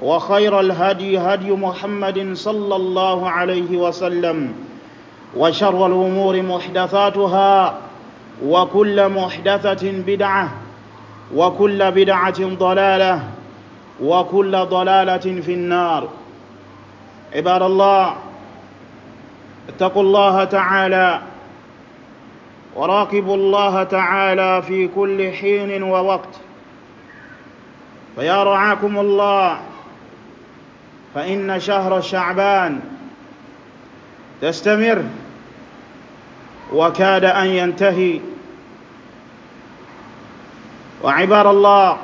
وخير الهدي هدي محمد صلى الله عليه وسلم وشر الأمور محدثاتها وكل محدثة بدعة وكل بدعة ضلالة وكل ضلالة في النار عباد الله اتقوا الله تعالى وراقبوا الله تعالى في كل حين ووقت فيا رعاكم الله فإن شهر شعبان تستمر وكاد أن ينتهي وعبار الله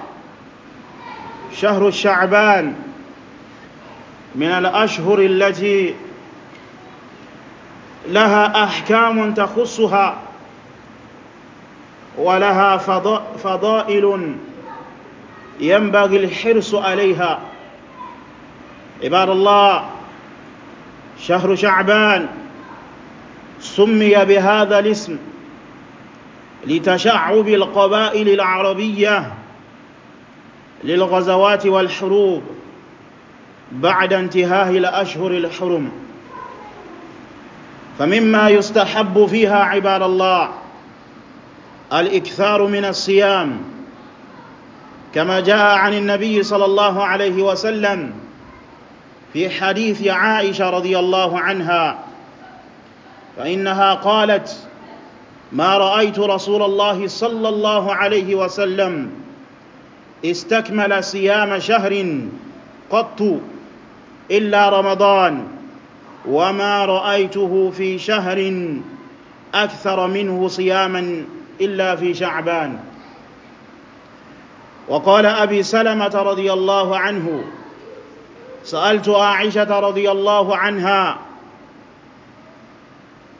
شهر شعبان من الأشهر التي لها أحكام تخصها ولها فضائل ينبغي الحرص عليها عباد الله شهر شعبان سمي بهذا الاسم لتشعب القبائل العربية للغزوات والحروب بعد انتهاء الأشهر الحرم فمما يستحب فيها عباد الله الإكثار من الصيام كما جاء عن النبي صلى الله عليه وسلم في حديث عائشة رضي الله عنها فإنها قالت ما رأيت رسول الله صلى الله عليه وسلم استكمل صيام شهر قط إلا رمضان وما رأيته في شهر أكثر منه صياما إلا في شعبان وقال أبي سلمة رضي الله عنه سألت عائشة رضي الله عنها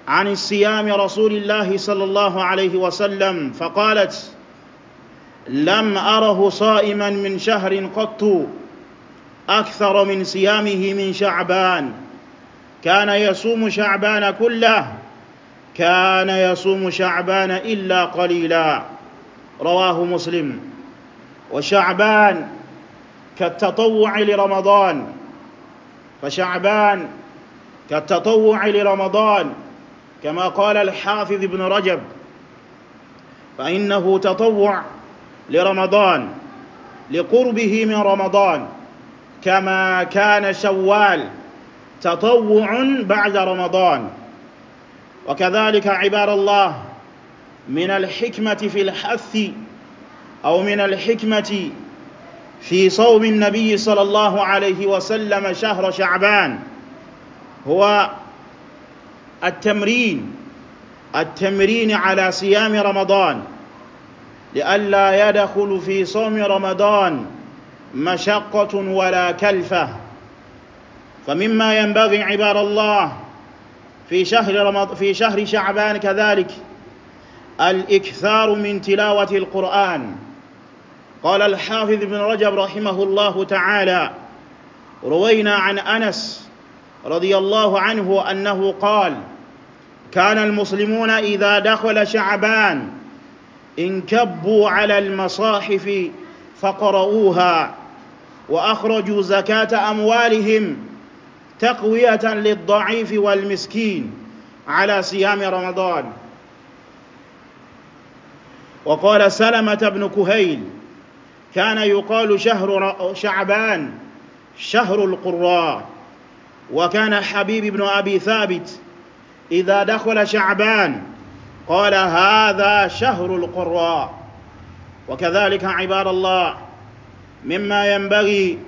عن الصيام رسول الله صلى الله عليه وسلم فقالت لم أره صائما من شهر قط أكثر من صيامه من شعبان كان يصوم شعبان كله كان يصوم شعبان إلا قليلا رواه مسلم وشعبان كالتطوع لرمضان فشعبان كالتطوع لرمضان كما قال الحافظ ابن رجب فإنه تطوع لرمضان لقربه من رمضان كما كان شوال تطوع بعد رمضان وكذلك عبار الله من الحكمة في الحث أو من الحكمة في صوم النبي صلى الله عليه وسلم شهر شعبان هو التمرين التمرين على صيام رمضان لئلا يدخل في صوم رمضان مشقة ولا كلفة فمما ينبغي عباد الله في شهر, رمض... في شهر شعبان كذلك الإكثار من تلاوة القرآن قال الحافظ بن رجب رحمه الله تعالى روينا عن أنس رضي الله عنه أنه قال كان المسلمون إذا دخل شعبان انكبوا على المصاحف فقرؤوها وأخرجوا زكاة أموالهم تقوية للضعيف والمسكين على صيام رمضان وقال سلمة بن كهيل كان يقال شهر شعبان شهر القراء وكان حبيب بن أبي ثابت إذا دخل شعبان قال هذا شهر القراء وكذلك عباد الله مما ينبغي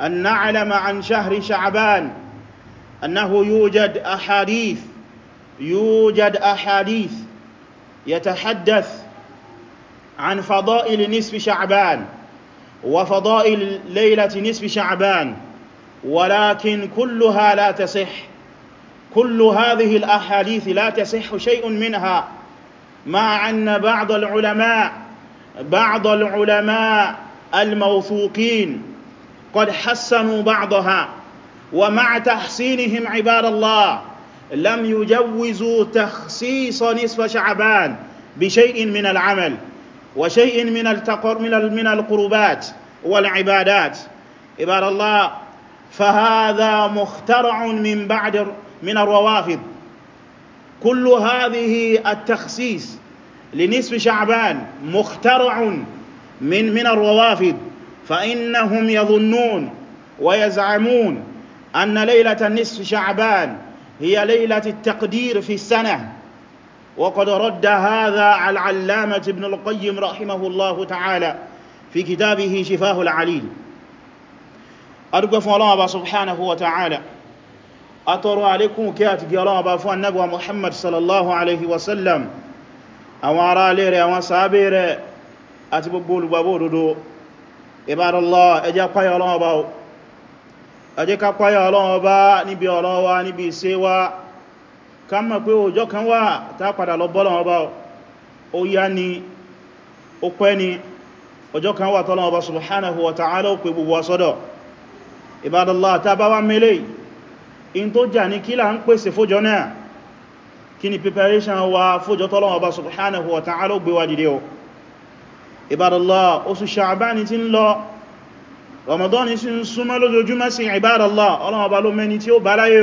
أن نعلم عن شهر شعبان أنه يوجد أحاديث يوجد أحاديث يتحدث عن فضائل نصف شعبان وفضائل ليلة نصف شعبان ولكن كلها لا تصح كل هذه الأحاديث لا تصح شيء منها مع أن بعض العلماء بعض العلماء الموثوقين قد حسنوا بعضها ومع تحسينهم عباد الله لم يجوزوا تخصيص نصف شعبان بشيء من العمل وشيء من التقر من من القربات والعبادات عباد الله فهذا مخترع من بعد من الروافض كل هذه التخصيص لنصف شعبان مخترع من من الروافض فإنهم يظنون ويزعمون أن ليلة نصف شعبان هي ليلة التقدير في السنة وقد رد هذا على العلامة ابن القيم رحمه الله تعالى في كتابه شفاه العليل أرجو الله سبحانه وتعالى أطر لكم كات قرابة فالنبوة محمد صلى الله عليه وسلم أمارا ليري وصابيري أتببول بابودو عباد الله أجاب قيا الله أجاب قيا الله نبي الله نبي سيوى ká mọ̀ pé ọjọ́ kan wà tá padà lọ bọ́lọ̀ ọba ó yá ni ó pẹ́ ni ọjọ́ kan wà tọ́lọ̀ ọba subhanahu wa ta'ala pé gbogbo asọ́dọ̀ ibadallah ta bá wá mẹ́lẹ̀ in tó jà ní kílà ń pèsè fójọ náà kí ni preparation wa fójọ tọ́lọ̀ ọba subhanahu wa ta'ala gbé wá dìde o ibadallah ó bá láyé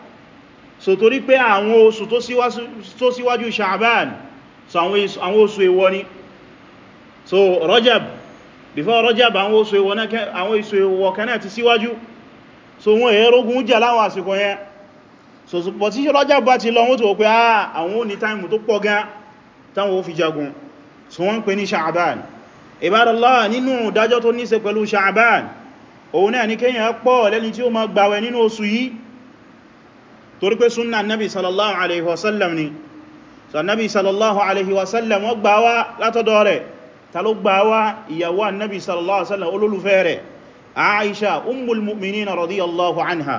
so torí pé àwọn oṣù tó síwájú ṣàbán so àwọn oṣù èwọ ni so rajab before rajab àwọn oṣù èwọ náà àwọn oṣù èwọ kanáà ti síwájú so wọ́n èyẹ rógún jà láwọn àsìkò yẹn so pọ̀ tí rajab bá ti lọ wọ́n tó wọ́n pé ah, àwọn ò ní táìmù tó pọ̀ gan táwọn ó fi jagun so wọ́n pè ní ṣàbán ìbádọ́lá nínú dájọ́ tó ní ṣe pẹ̀lú ṣàbán òun náà ní kéyàn pọ̀ lẹ́ni tí ó ma gbàwẹ̀ nínú oṣù yìí torí pé súnnà nabi sallallahu alaihi wasallam ni so nabi sallallahu alaihi wasallam wọ́n gbà wá látọ́dọ̀ rẹ̀ ta ló gbà wá ìyàwó nabi sallallahu alaihi wasallam olólùfẹ́ rẹ̀ aisha ummul mu'minina radiyallahu anha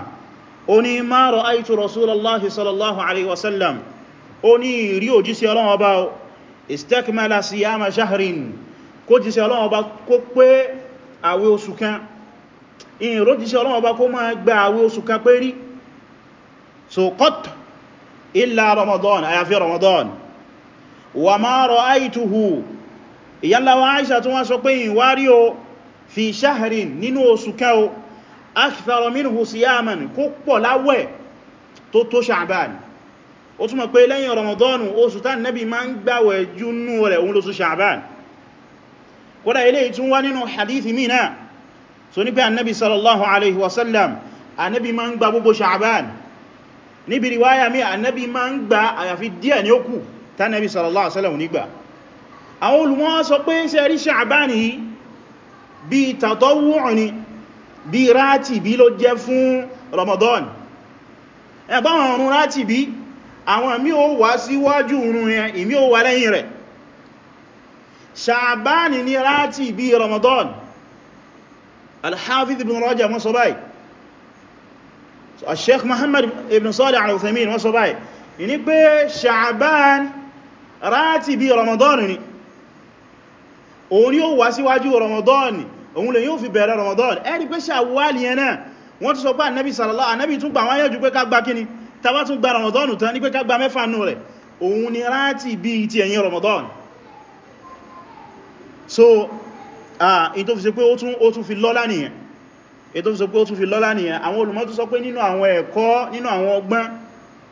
oni ma ra'aytu rasulallahi sallallahu alaihi wasallam oni rí òjíṣẹ́ Ọlọ́run ọba istakmala siyama shahrin kó jíṣẹ́ Ọlọ́run ọba kó pé àwẹ̀ oṣù so qat illa ramadan àyàfi ramadan wa ma ra'aytuhu ìyálà wa Aisha tún wá sọ pé ìwárí o fi shahrin nínú oṣù kan o akthara minhu siyaman kó pọ̀ láwẹ̀ tó tó sha'ban ó túnmọ̀ pé lẹ́yìn ramadan oṣù tán nabi ma ń gbàwẹ̀ jù nú rẹ̀ òun sha'ban kódà ilé tún wá nínú hadithi mìíràn so ní pé annabi sallallahu alaihi wasallam annabi ma ń gba sha'ban níbi riwaya mi annabi ma ń gba àyàfi díẹ̀ ní òkú tánàbí sallallahu alaihi wasallam nígbà àwọn olùmọ̀ sọ pé ṣe rí ṣàbáni bí tàtọ́wọ́ ni bí ráàtì bí ló jẹ́ fún Ramadan ẹgbọ́n ọ̀run ráàtì bí àwọn mí ó wá síwájú oòrùn yẹn ìmí ó wá lẹ́yìn ibn Rajab sọ báyìí sheikh muhammad ibn salih al-uthaymin wọ́n sọ báyìí ní pé sha'ban ráti bí ramadan ni òun yóò wá síwájú ramadan òun lè yóò fi bẹ̀rẹ̀ ramadan ẹ̀rí pé sha'wal yẹn náà wọ́n tún sọ pé ànábì sallallahu ànábì tún gbà wọ́n yẹ́jú pé ká gba kíni tàbá tún gba ramadan tán ní pé ká gba mẹ́fà nù rẹ̀ òun ni ráti bí ti ẹ̀yìn ramadan so ah in tó fi ṣe pé ó tún fi lọ́lá nìyẹn ètò sọ pé ó tún fi lọ́lá nìyàn àwọn olùmọ̀ tún sọ pé nínú àwọn ẹ̀kọ́ nínú àwọn ọgbọ́n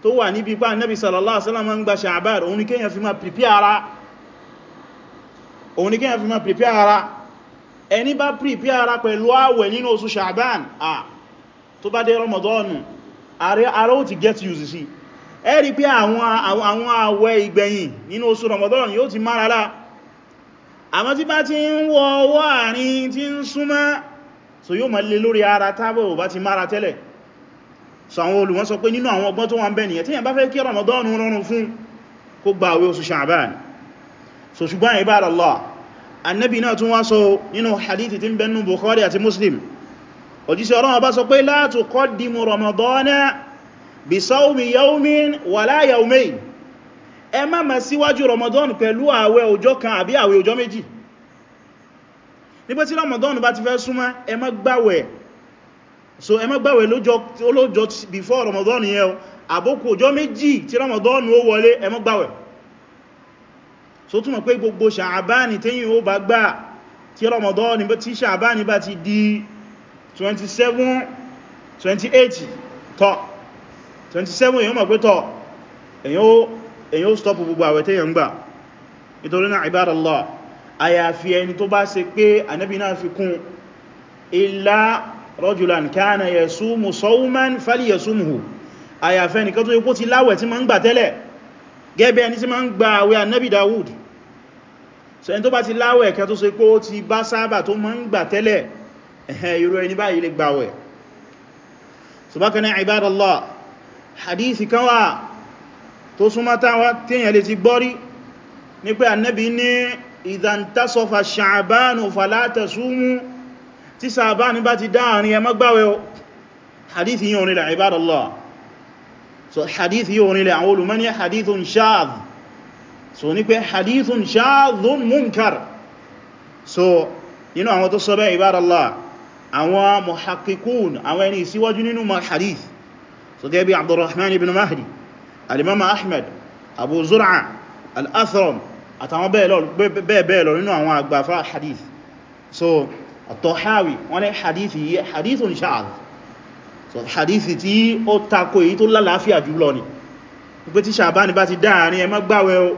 tó wà níbi ipá nẹ́bí sallallahu alaihi wasallam ń gba ṣàbáàrì òun ni kéèyàn fi máa prepare ara òun ni kéèyàn fi máa prepare ara ẹni bá prepare ara pẹ̀lú àwẹ̀ nínú oṣù ṣàbáàn à tó bá dé rọmọdọ́ọ̀nù ara ó ti so yóò ma lè lórí ara tábọ̀ ò bá ti mára tẹ́lẹ̀ so àwọn olùwọ́n sọ pé nínú àwọn ọgbọ́n tó wà ń bẹ nìyẹn tí yẹn bá fẹ́ kí Ramadan rọrùn fún kó gba àwẹ̀ oṣù Sha'ban so ṣùgbọ́n ibadallah annabi náà tún wá sọ nínú hadithi tí ń bẹ nínú Bukhari àti Muslim òjíṣẹ́ nígbẹ́ tí Ramadan bá ti fẹ́ súnmọ́ ẹ má so ẹ má gbàwẹ̀ lọ́jọ́ before Ramadan yẹ o àbókù ọjọ́ méjì tí Ramadan ó wọlé ẹ má so túnmọ̀ pé gbogbo Ṣàbáànì tẹ́yìn ó bá gbà tí Ramadan tí Ṣàbáànì bá ti di 27 28 tọ́ 27 èyàn mọ̀ pé tọ́ èyàn ó stop gbogbo àwẹ̀ tẹ́yàn gbà nítorí náà Allah àyàfi ẹni tó bá ṣe pé ànábì náà fi kún illa rajulan kana yasumu sawman falyasumhu àyàfi ẹnìkan tó yẹ kó ti láwẹ̀ tí ma ń gbà tẹ́lẹ̀ gẹ́bẹ̀ ẹni tí ma ń so ẹni tó bá ti láwẹ̀ ẹ̀kẹ́ tó ṣe pé ó ti bá sábà tó ma gbà tẹ́lẹ̀ ẹ̀hẹ̀ irú ẹni báyìí lè gbàwẹ̀ so bákan náà ibadallah hadithi kan wà tó súnmọ́ táwọn tíyàn lè ti gbọ́rí ìdántasọ́fà ṣàbánù fàlátà súnmú tí ṣàbánù bá ti dáàrin ẹ má gbààwẹ̀ o hadith yíò nílẹ̀ ibadallah so hadith yíò nílẹ̀ àwọn olùmọ́ni hadithun shadh so ní pé hadithun shadhun munkar so nínú àwọn tó sọ bẹ́ ibadallah àwọn muhakkikun àwọn ẹni ìsíwájú nínú ma hadith so gẹ́bí abdurrahman ibn mahdi alimama ahmed abu zur'a al-athram àtàwọn bẹ́ẹ̀ lọ nínú àwọn àgbàfà hadith so àtọ̀háwì wọ́n ní hadith yìí hadith on sha'ad so hadith tí ó takò èyí tó lálàáfíà jùlọ ni pé tí Ṣàbáànì bá ti dáàrin ẹ má o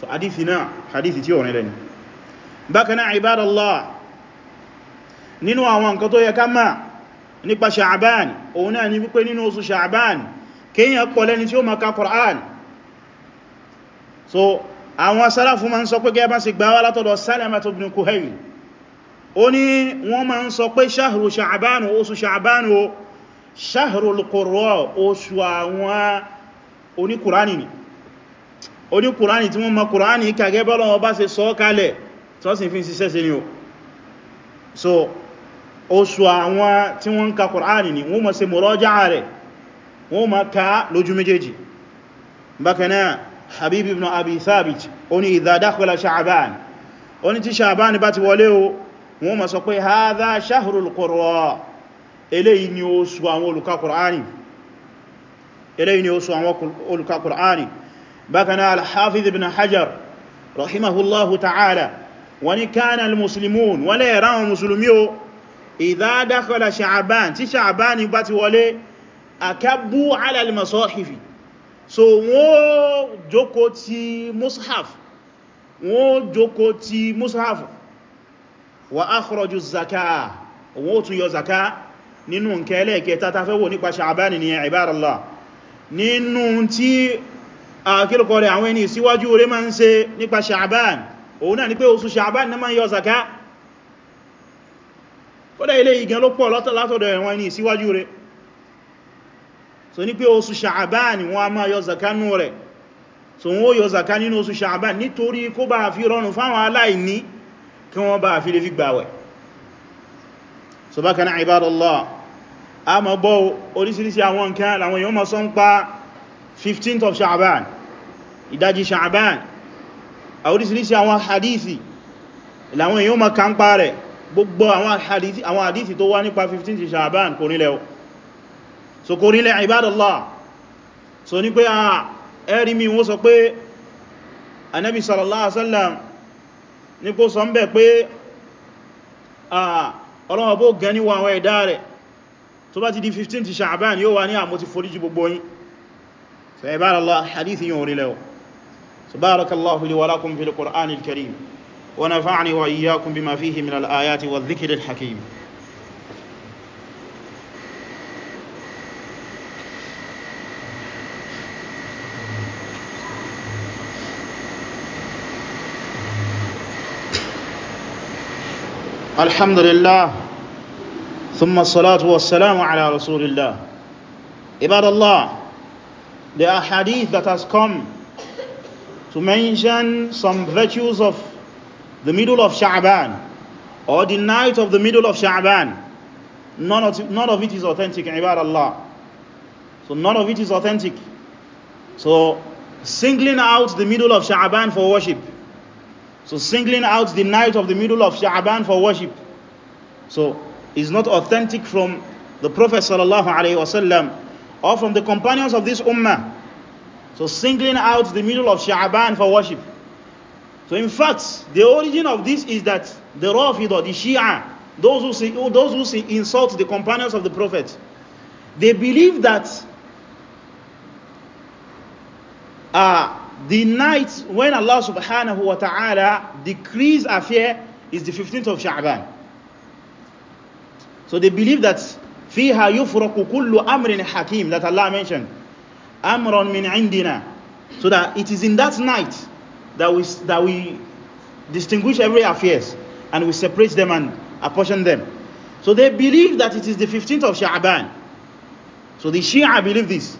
so hadith náà hadith tí ó rìn lẹ́ni bákaná ibadallah nínú àwọn nǹkan tó yẹ ká máa nípa Ṣàbáànì òun náà ni wípé nínú oṣù Ṣàbáànì kéèyàn pọ̀ lẹ́ni tí ó ma Qur'an so àwọn sálàfù ma ń sọ pé gẹ́bá sí gbáwà látọ̀dọ̀ Salama ibn Kuhayl ó ní wọ́n ma ń sọ pé ṣáhùrù ṣàbánu oṣù ṣàbánu ṣáhùrù al o oṣù àwọn oníkùránì ni tí wọ́n ma kùránì kàgẹ́ ọba sị ni o so awọn ni ma ma ka habib ibn abi thabit ó ní idha dakhala sha'ban ó ní tí sha'ban bá ti wọlé o wọ́n ma sọ pé hadha shahrul qurra eléyìí ni oṣù àwọn olùka qur'ani eléyìí ni oṣù àwọn olùka qur'ani bákan náà al-hafiz ibn hajar rahimahullahu ta'ala wani kana al-muslimun wala yaran muslimi o idha dakhala sha'ban tí sha'ban bá ti wọlé akabu ala al-masahifi so wọ́n jókó ti mushaf wọ́n jókó ti mushaf wa akhraju zaka wọ́n tún yọ zaka nínú nkẹ́ ẹlẹ́ẹ̀kẹ́ tata fẹ́ wò nípa ṣàbánì ni ìbáràlá nínú tí àkílùkọ́ rẹ̀ àwọn ẹni síwájú rẹ̀ máa ń ṣe nípa ṣàbánì òun náà ni pé oṣù ṣàbánì náà máa ń yọ zaka kódà ilé ìgẹ́ ló pọ̀ látọ̀dọ̀ ẹ̀wọ̀n ẹni síwájú rẹ̀ so ní pé oṣù ṣàbáàni wọ́n a máa yọ zaka nú rẹ̀ so wọ́n yọ zaka nínú oṣù ṣàbáàni nítorí kó bá fi rọrùn fáwọn aláìní kí wọ́n bá fi lè fi gbàwẹ̀ so bákan náà ibadallah of ṣàbáàn ìdájí ṣàbáàn a orísìírísìí àwọn hadithi làwọn èèyàn ma kà ń pa rẹ̀ gbogbo àwọn hadithi tó wá nípa 15th ṣàbáàn kò nílẹ̀ o so kò rílẹ̀ ibadallah so ní pé a ah, ẹ̀rí mi wọ́n sọ pé anabi sallallahu alaihi wasallam ní kó sọ 15 ah, ti Sha'ban yóò wá ní àmó ah, ti foríjì gbogbo yín so ibadallah hadith yóò rílẹ̀ so barakallahu li ونفعني وإياكم بما فيه من الآيات والذكر الحكيم الحمد لله ثم الصلاة والسلام على رسول الله Ibad there are hadith that has come to mention some virtues of the middle of Sha'ban or the night of the middle of Sha'ban. None of, none of it is authentic, Ibad So none of it is authentic. So singling out the middle of Sha'ban for worship so singling out the night of the middle of Sha'aban for worship so is not authentic from the Prophet sallallahu alaihi wasallam or from the companions of this ummah so singling out the middle of Sha'aban for worship so in fact the origin of this is that the Rafidah the Shia those who say those who say insult the companions of the prophet they believe that uh, the night when Allah subhanahu wa ta'ala decrees affair is the 15th of Sha'ban. So they believe that فيها يفرق كل أمر حكيم that Allah mentioned أمر من عندنا so that it is in that night that we, that we distinguish every affairs and we separate them and apportion them so they believe that it is the 15th of Sha'ban so the Shia believe this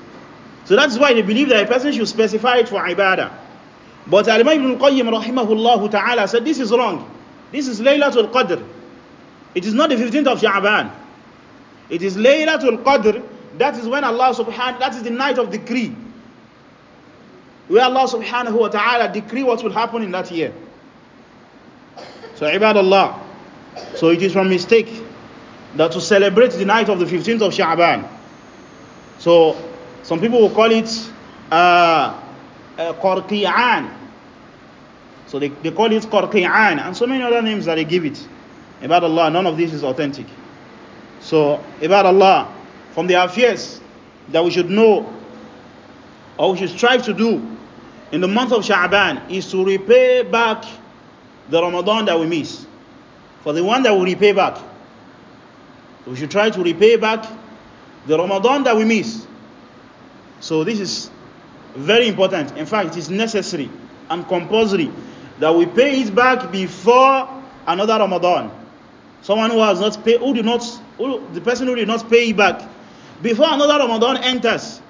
So that's why they believe that a person should specify it for ibadah. But Al-Imam Ibn Qayyim rahimahullah ta'ala said this is wrong. This is Laylatul Qadr. It is not the 15th of Sha'ban. It is Laylatul Qadr. That is when Allah subhanahu that is the night of decree. Where Allah subhanahu wa ta'ala decree what will happen in that year. So ibadallah. So it is from mistake that to celebrate the night of the 15th of Sha'ban. So Some people will call it "qarqian," uh, uh So they, they call it Qarqi'an and so many other names that they give it. About Allah, none of this is authentic. So, about Allah, from the affairs that we should know or we should strive to do in the month of Sha'ban is to repay back the Ramadan that we miss. For the one that we repay back, we should try to repay back the Ramadan that we miss. So this is very important. In fact, it is necessary and compulsory that we pay it back before another Ramadan. Someone who has not paid, who did not, who, the person who did not pay it back before another Ramadan enters,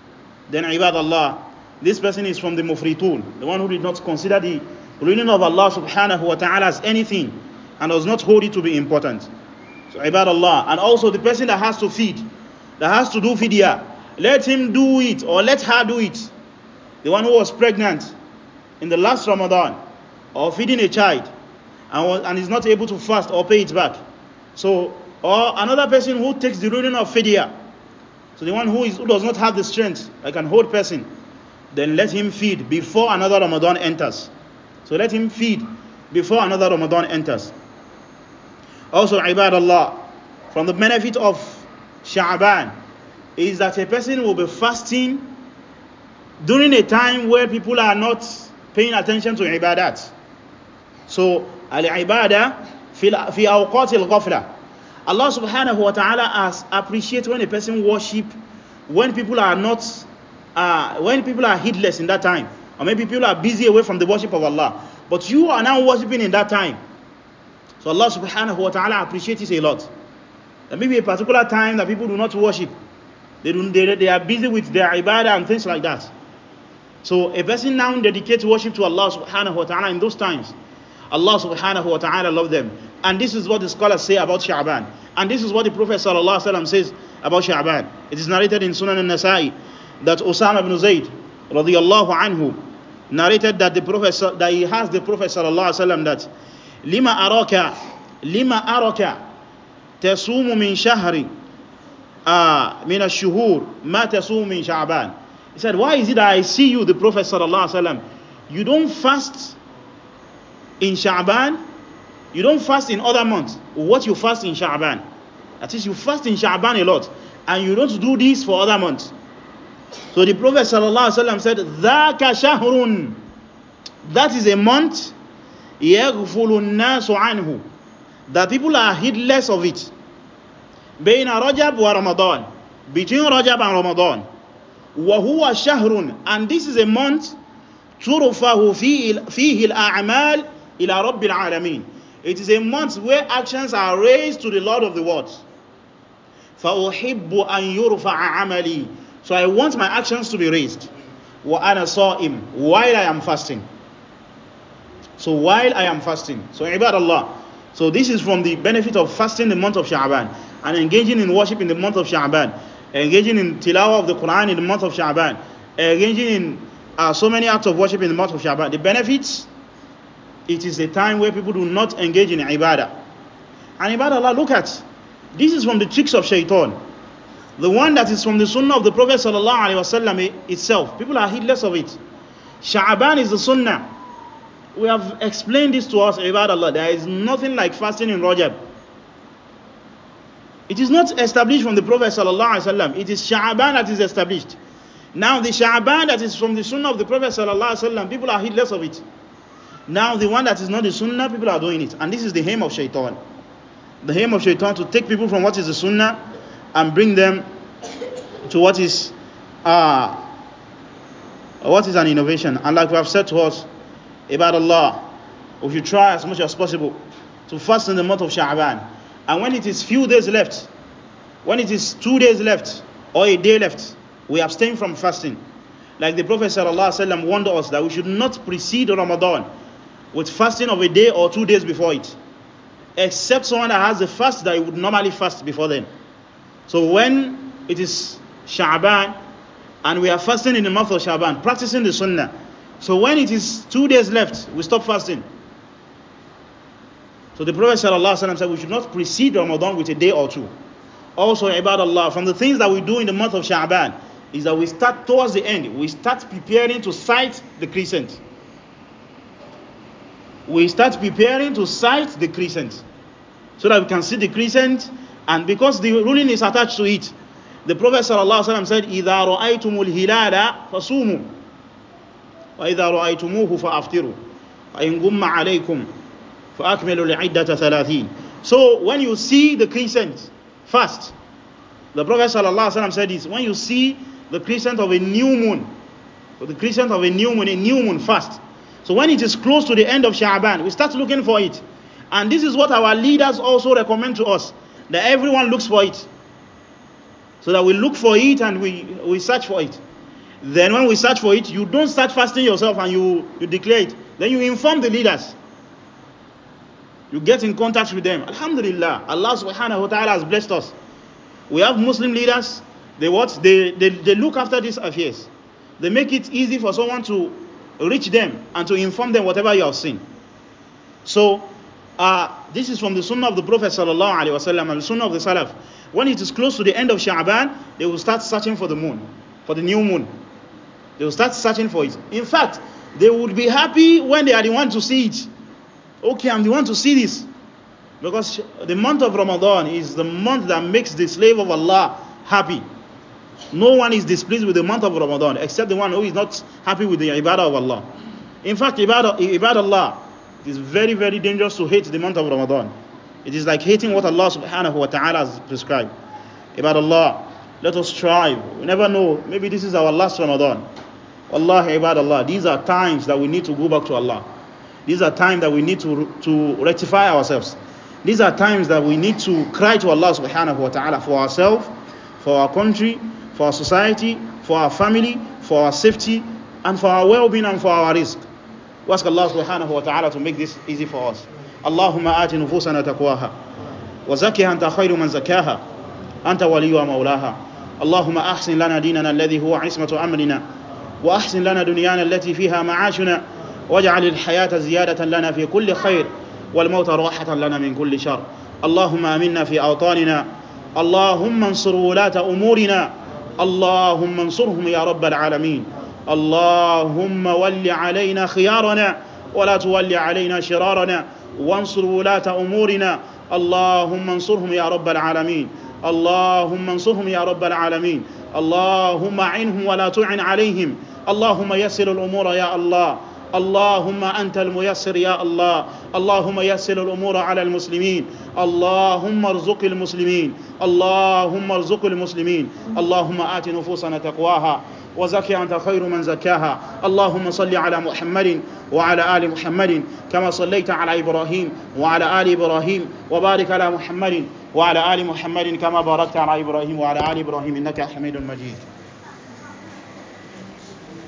then ibad Allah, this person is from the mufritul, the one who did not consider the ruling of Allah subhanahu wa ta'ala as anything and does not hold it to be important. So ibad Allah, and also the person that has to feed, that has to do fidyah. let him do it or let her do it the one who was pregnant in the last Ramadan or feeding a child and, was, and is not able to fast or pay it back. So, or another person who takes the ruling of fidya. So the one who, is, who does not have the strength, like an old person, then let him feed before another Ramadan enters. So let him feed before another Ramadan enters. Also, ibadallah, from the benefit of Sha'ban, is that a person will be fasting during a time where people are not paying attention to ibadat. So, al-ibadah fi awqat al-ghafla. Allah subhanahu wa ta'ala has appreciate when a person worship when people are not uh, when people are heedless in that time or maybe people are busy away from the worship of Allah but you are now worshiping in that time so Allah subhanahu wa ta'ala appreciates it a lot there may be a particular time that people do not worship They, don't, they, they are busy with their ibadah and things like that. So a person now dedicates worship to Allah subhanahu wa ta'ala in those times. Allah subhanahu wa ta'ala loved them. And this is what the scholars say about Sha'ban. And this is what the Prophet sallallahu alaihi wasallam says about Sha'ban. It is narrated in Sunan an nasai that Osama ibn Zayd radiyallahu anhu narrated that the Prophet that he has the Prophet sallallahu alaihi wasallam that lima araka lima araka tasumu min shahri uh, ah, min ash-shuhur ma tasum min Sha'ban. He said, why is it that I see you, the Prophet sallallahu alaihi wasallam, you don't fast in Sha'ban, you don't fast in other months. What you fast in Sha'ban? That is, you fast in Sha'ban a lot, and you don't do this for other months. So the Prophet sallallahu alaihi wasallam said, "Dhaka shahrun." That is a month yaghfulu an-nasu anhu. That people are heedless of it بين رجب ورمضان بين رجب ورمضان وهو شهر and this is a month ترفه فيه, فيه الأعمال إلى رب العالمين it is a month where actions are raised to the Lord of the world فأحب أن يرفع عملي so I want my actions to be raised وأنا صائم while I am fasting so while I am fasting so عباد الله so this is from the benefit of fasting the month of Sha'ban and engaging in worship in the month of Sha'ban, engaging in tilawah of the Quran in the month of Sha'ban, engaging in uh, so many acts of worship in the month of Sha'ban. The benefits, it is a time where people do not engage in ibadah. And ibadah, Allah, look at, this is from the tricks of shaitan. The one that is from the sunnah of the Prophet wasallam itself. People are heedless of it. Sha'ban is the sunnah. We have explained this to us, ibadah. There is nothing like fasting in Rajab. It is not established from the Prophet sallallahu It is Sha'ban that is established. Now the Sha'ban that is from the Sunnah of the Prophet sallallahu people are heedless of it. Now the one that is not the Sunnah, people are doing it. And this is the aim of Shaitan. The aim of Shaitan to take people from what is the Sunnah and bring them to what is uh, what is an innovation. And like we have said to us about Allah, we should try as much as possible to fast in the month of Sha'ban. and when it is few days left when it is two days left or a day left we abstain from fasting like the prophet sallallahu warned us that we should not precede ramadan with fasting of a day or two days before it except someone that has a fast that he would normally fast before then so when it is sha'ban and we are fasting in the month of sha'ban practicing the sunnah so when it is two days left we stop fasting So the Prophet ﷺ said we should not precede Ramadan with a day or two. Also, ibadallah, from the things that we do in the month of Sha'ban is that we start towards the end. We start preparing to sight the crescent. We start preparing to sight the crescent so that we can see the crescent and because the ruling is attached to it. The Prophet ﷺ said, إِذَا رَأَيْتُمُ الْهِلَالَ فَصُومُوا وَإِذَا رَأَيْتُمُوهُ فَأَفْتِرُوا فَإِنْ غُمَّ عَلَيْكُمْ ثَلَاثِينَ So when you see the crescent, fast. The Prophet ﷺ said this, when you see the crescent of a new moon, the crescent of a new moon, a new moon fast. So when it is close to the end of Sha'ban, we start looking for it. And this is what our leaders also recommend to us, that everyone looks for it. So that we look for it and we, we search for it. Then when we search for it, you don't start fasting yourself and you, you declare it. Then you inform the leaders you get in contact with them alhamdulillah allah subhanahu wa ta'ala has blessed us we have muslim leaders they what they, they they look after these affairs they make it easy for someone to reach them and to inform them whatever you have seen so uh, this is from the sunnah of the prophet sallallahu alaihi wasallam and the sunnah of the salaf when it is close to the end of sha'ban they will start searching for the moon for the new moon they will start searching for it in fact they would be happy when they are the one to see it okay i'm the one to see this because the month of ramadan is the month that makes the slave of allah happy no one is displeased with the month of ramadan except the one who is not happy with the ibadah of allah in fact ibadah, ibadah allah it is very very dangerous to hate the month of ramadan it is like hating what allah subhanahu wa ta'ala has prescribed ibadah allah let us strive we never know maybe this is our last ramadan allah ibadah allah these are times that we need to go back to allah these are times that we need to, to rectify ourselves. These are times that we need to cry to Allah subhanahu wa ta'ala for ourselves, for our country, for our society, for our family, for our safety, and for our well-being and for our risk. We ask Allah subhanahu wa ta'ala to make this easy for us. اللهم آت نفوسنا تقواها وزكها أنت خير من زكاها أنت ولي ومولاها اللهم أحسن لنا ديننا الذي هو عصمة wa ahsin lana dunyana التي فيها ma'ashuna. واجعل الحياة زيادة لنا في كل خير والموت راحة لنا من كل شر اللهم آمنا في أوطاننا اللهم انصر ولاة أمورنا اللهم انصرهم يا رب العالمين اللهم ول علينا خيارنا ولا تول علينا شرارنا وانصر ولاة أمورنا اللهم انصرهم يا رب العالمين اللهم انصرهم يا رب العالمين اللهم عنهم ولا تعن عليهم اللهم يسر الأمور يا الله اللهم أنت الميسر يا الله اللهم يسر الأمور على المسلمين اللهم ارزق المسلمين اللهم ارزق المسلمين اللهم آت نفوسنا تقواها وزكي أنت خير من زكاها اللهم صل على محمد وعلى آل محمد كما صليت على إبراهيم وعلى آل إبراهيم وبارك على محمد وعلى آل محمد كما باركت على إبراهيم وعلى آل إبراهيم إنك حميد مجيد